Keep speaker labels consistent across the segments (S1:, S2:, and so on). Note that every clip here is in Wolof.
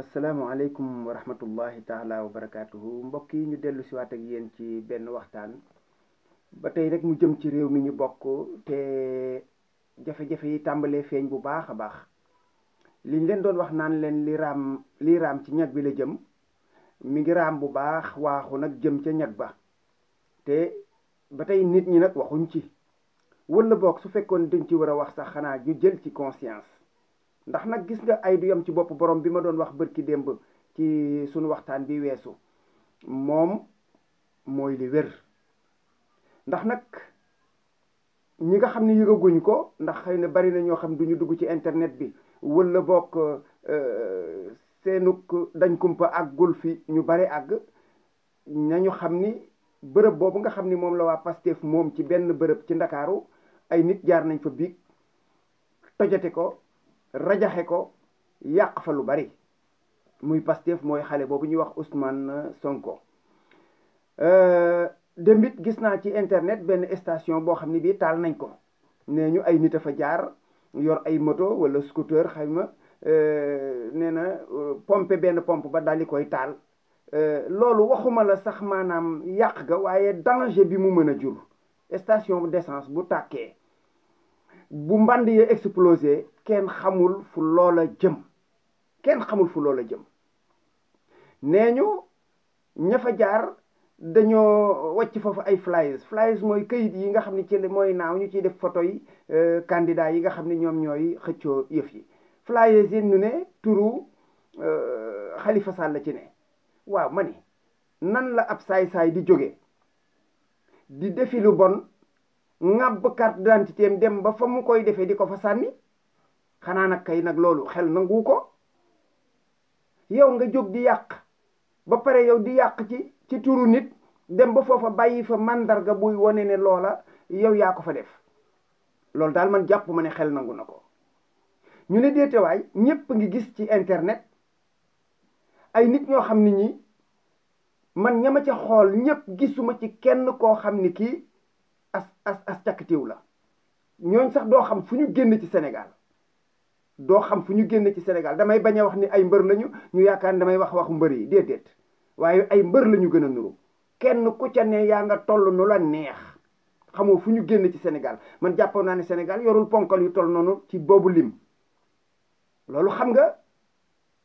S1: asalaamaaleykum wa rahmatullahi taala wa barakaatuhu mbokk yi ñu dellu si waat ak yéen ci benn waxtaan ba tey rek mu jëm ci réew mi ngi bokk te jafe-jafe yi tàmbalee feeñ bu baax a baax liñ leen doon wax naan leen li raam li raam ci ñag bi la jëm mi ngi raam bu baax waaxu nag jëm ca ñag ba te ba tey nit ñi nag waxuñ ci wala boog su fekkoon dañ ci war a wax sax xanaa ñu jël ci conscience ndax nag gis nga ay du yam ci bopp borom bi ma doon wax bërki démb ci suñu waxtaan bi weesu moom mooy li wér ndax nag ñi nga xam ne yëgaguñ ko ndax xëy na bari na ñoo xam duñu dugg ci internet bi wala bokk euh, seenuk dañ kumpa àggul fi ñu bari àgg nañu xam ni bërëb boobu nga xam ni moom la waa Pastef moom ci benn bërëb ci Ndakaaru ay nit jaar nañ fa biig tojate ko rajaxe ko yàq fa lu bari muy Pastef mooy xale boobu ñuy wax Ousmane Sonko euh, dembit gis naa ci internet benn station boo xam ne bii taal nañ ko nee ñu ay nit a fa jaar yor ay moto wala scooter xayma euh, nee na euh, pompe benn pompe ba daal di koy taal loolu waxuma la sax maanaam yàq ga waaye danger bi mu mën a jur station d'essence bu tàkkee bu mband ya explosé kenn xamul fu loola jëm kenn xamul fu loola jëm nee ñu ña fa jaar dañoo wàcc foofu ay flyers flyers mooy kayit yi nga xam ne ci mooy naaw ñu ciy def foto yi euh, candidat yi nga xam ne ñoom ñooy xëccoo yëf yi flyers yi ñu ne turu xalifa euh, Sall la ci ne waaw ma ni nan la ab saay-saay di jóge di defi lu bon ŋàbb carte d'identité dem ba fa mu koy defee di ko fa sànni xanaa nag kay nag loolu xel nangu ko yow nga jóg di yàq ba pare yow di yàq ci ci turu nit dem ba foofa bàyyi fa màndarga buy wane ne loola yow yaa ko fa def loolu daal man jàpp ma ne xel nangu na ko ñu ne déetewaay ñépp ngi gis ci internet ay nit ñoo xam ni ñi man ñama ca xool ñépp gisuma ci kenn koo xam ni kii as as as cakkatiw la ñooñ sax doo xam fu ñu génn ci senegal doo xam fu ñu génn ci senegal damay bañ a wax ni ay mbër lañu ñu yaakaar ni damay wax waxu mbër yi déedéet waaye ay mbër lañu gën a nuru kenn ku ca yaa nga toll nu la neex xamoo fu ñu génn ci senegal man jàppoon naa ne Sénégal yorul ponkal yu toll noonu ci boobu lim loolu xam nga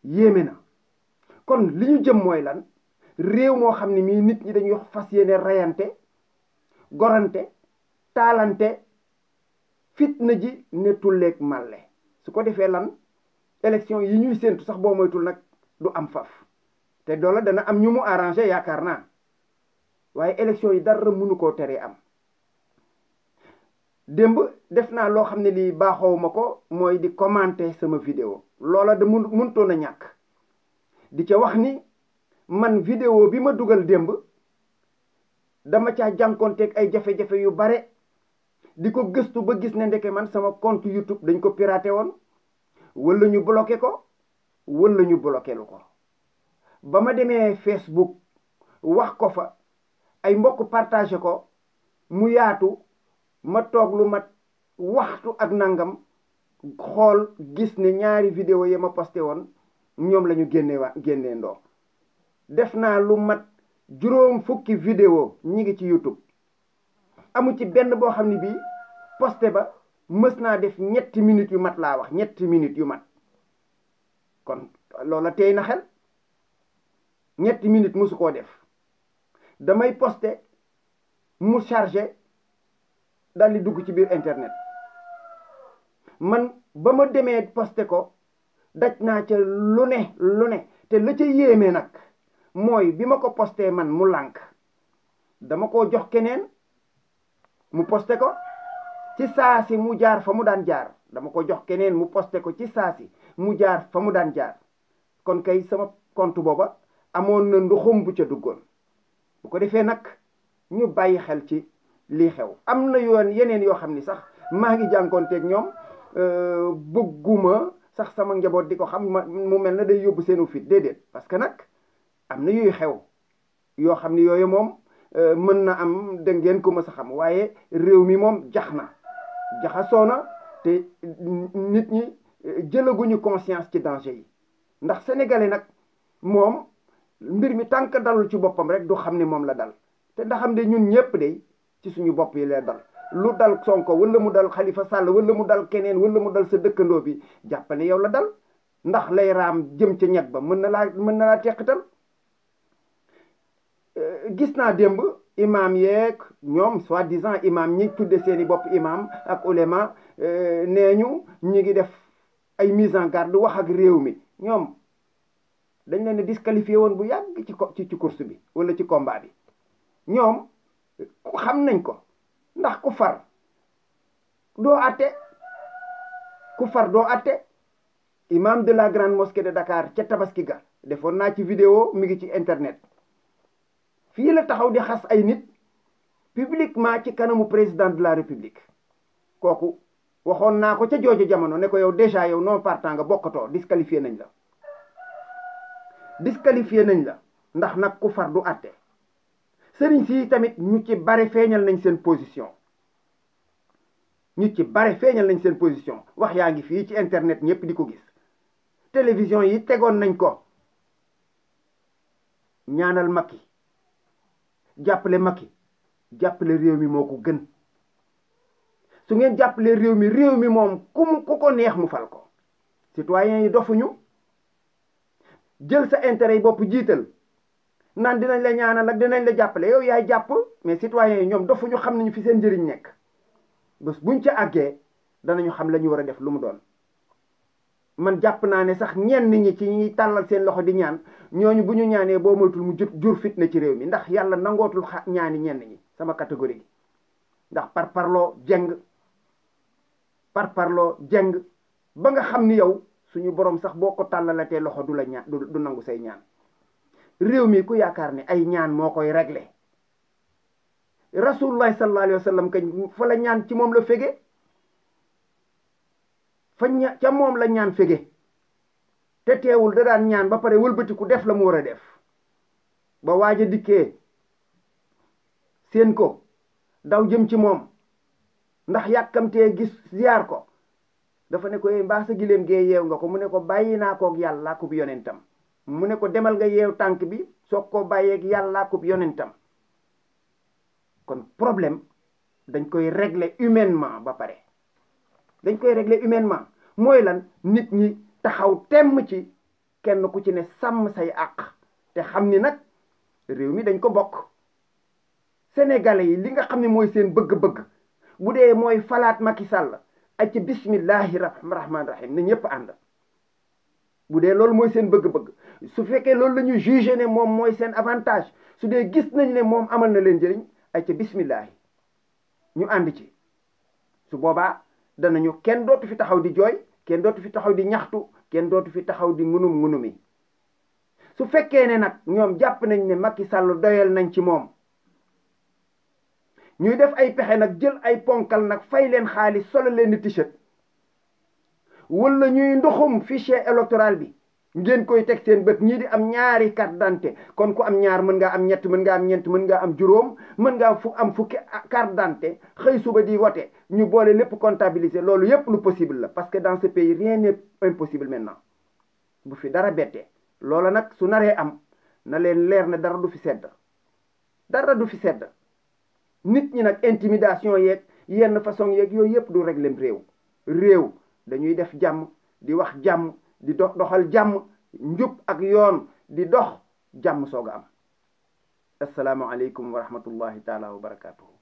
S1: yéeme na kon li ñu jëm mooy lan réew moo xam ne mii nit ñi dañuy wax fas yéene reyante gorante taalante fitna ji ne tulleeg màlle su ko defee lan élection yi ñuy séentu sax boo moytul nag du am faf te doola dana am ñu mu arrangé yaakaar naa waaye élection yi dara mënu koo teree am démb def naa loo xam ne lii baaxoowuma ko mooy di commenter sama vidéo loola da mun mënutoon a ñàkk di ca wax ni man vidéo bi ma dugal démb dama caa jànkoonteeg ay jafe-jafe yu bare di ko gëstu ba gis ne ndeke man sama compte YouTube dañ ko piraté woon wala ñu bloqué ko wala ñu bloqué lu ko ba ma demee Facebook wax ko fa ay mbokk partagé ko mu yaatu ma toog lu mat waxtu ak nangam xool gis ne ñaari vidéo yi ma posté woon ñoom la ñu génne waa ndoo def naa lu mat juróom fukki vidéo ñi ngi ci YouTube amu ci benn boo xam ne bii poste ba mës naa def ñetti minutes yu mat laa wax ñetti minutes yu mat kon loola tey na xel ñetti minutes mësu koo def damay poste mu chargé di dugg ci biir internet man ba ma demee poste ko daj naa ca lu ne lu ne te la ca yéeme nag mooy bi ma ko postee man mu lànk dama ko jox keneen mu posté ko ci saa si mu jaar fa mu daan jaar dama ko jox keneen mu posté ko ci saa si mu jaar fa mu daan jaar kon kay sama compte booba amoon na nduxum bu ca duggoon bu ko defee nag ñu bàyyi xel ci lii xew am na yoon yeneen yoo xam ni sax maa ngi jànkoonteeg ñoom euh, bëgguma sax sama njaboot di ko xam mu mel na day yóbbu seenu fit déedéet parce que nag am na yuy xew yoo xam ni yooyu moom Euh, mën na am da ngeen ko mës a xam waaye réew mi moom jax na jaxasoo na te nit ñi euh, jëlaguñu conscience ci danger yi ndax sénégalais nag moom mbir mi tànk dalul ci boppam rek du xam ni moom la dal te da xam ne ñun ñëpp de ci suñu bopp yi lay dal lu dal Sonko wala mu dal Khalifa Sall wala mu dal keneen wala mu dal sa dëkkandoo bi jàppale yow la dal ndax lay raam jëm ca ñett ba mën na laa mën na laa gis naa démb imaam yeeg ñoom soi-disant imam ñi tudde seeni bopp imam ak ulema euh, nee ñu ñi ngi def ay mise en garde wax ak réew mi ñoom dañ leen disqualifié woon bu yàgg ci ci ci course bi wala ci combat bi ñoom xam nañ ko ndax ku far doo atte ku far doo atte imam de la grande mosquée de Dakar ca Tabaski ga defoon naa ci vidéo mi ngi ci internet fii la taxaw di xas ay nit publiquement ci kanamu président de la république kooku waxoon naa ko ca jooju jamono ne ko yow déjà yow non partant nga bokkatoo disqualifié nañ la disqualifié nañ la ndax nag ku far du àtte sëriñ si tamit ñu ci bare feeñal nañ seen position ñu ci bare feeñal nañ seen position wax yaa ngi fii ci internet ñëpp di ko gis télévision yi tegoon nañ ko ñaanal Macky jàppale Macky jàppale réew mi moo ko gën su ngeen jàppale réew mi réew mi moom ku mu ko neex mu fal ko citoyens yi dofuñu jël sa intérêt yi bopp jiital naan dinañ la ñaanal ak dinañ la jàppale yow yaay jàpp mais citoyens yi ñoom dofuñu xam nañu fi seen njëriñ nekk bés buñ ca àggee danañu xam lañu war a def lu mu doon man jàpp naa ne sax ñenn ñi ci ñuy tàllal seen loxo di ñaan ñooñu bu ñu ñaanee boo moytul mu jur jur fitna ci réew mi ndax yàlla nangootul xa ñaani ñenn ñi sama catégorie ndax parparloo parloo jeng par jeng ba nga xam ni yow suñu boroom sax boo ko tàllalatee loxo du la ñaan du nangu say ñaan réew mi ku yaakaar ne ay ñaan moo koy réglé rasulullah sallallahu alayhi wa sallam kañ fa la ñaan ci moom la fege fa ña ca moom la ñaan fege te teewul da daan ñaan ba pare wëlbatiku def la mu war a def ba waaj a dikkee seen ko daw jëm ci moom ndax yàkkamtee gis ziyaar ko dafa ne ko yee eh, mbaa sa giléem gee yeew nga ko mu ne ko bàyyi naa kook yàlla kub yonentam mu ne ko demal nga yeew tànk bi soog koo bàyyeeg yàlla kub yonentam kon problème dañ koy regle humainement ba pare dañ koy régler humainement mooy lan nit ñi taxaw temm ci kenn ku ci ne sàmm say àq te xam ni nag réew mi dañ ko bokk sénégalais yi li nga xam ne mooy seen bëgg-bëgg bu dee mooy falaat Macky Sall ak ci bismillahi rahmaani rahim na ñëpp ànd bu dee loolu mooy seen bëgg-bëgg su fekkee loolu la ñu ne moom mooy seen avantage su dee gis nañ ne moom amal na leen njëriñ ay ca bismillahi ñu ànd ci su boobaa danañu kenn dootu fi taxaw di jooy kenn dootu fi taxaw di ñaxtu kenn dootu fi taxaw di ngunum ngunumi su fekkee ne nag ñoom jàpp nañ ne Macky Sall doyal nañ ci moom ñuy def ay pexe nag jël ay ponkal nag fay leen xaalis solo leen di t-shirt wala ñuy ndoxum fichier électoral bi ngeen koy teg seen bët ñii di am ñaari carte d'identité kon ku am ñaar mën ngaa am ñett mën ngaa am ñeent mën ngaa am juróom mën ngaa fu am fukki carte d'identité xëy suba di wote ñu boole lépp comptabiliser loolu yépp lu possible la parce que dans ce pays rien n'est impossible maintenant bu fi dara bettee loola nag su naree am na leen leer na dara du fi sedd dara du fi sedd nit ñi nag intimidation yeeg yenn façon yeeg yooyu yépp du régler réew réew dañuy def jàmm di wax jàmm di dox doxal jàmm njub ak yoon di dox jàmm soog a am asalaamaaleykum wa rahmatullahi taala wa barakaatu.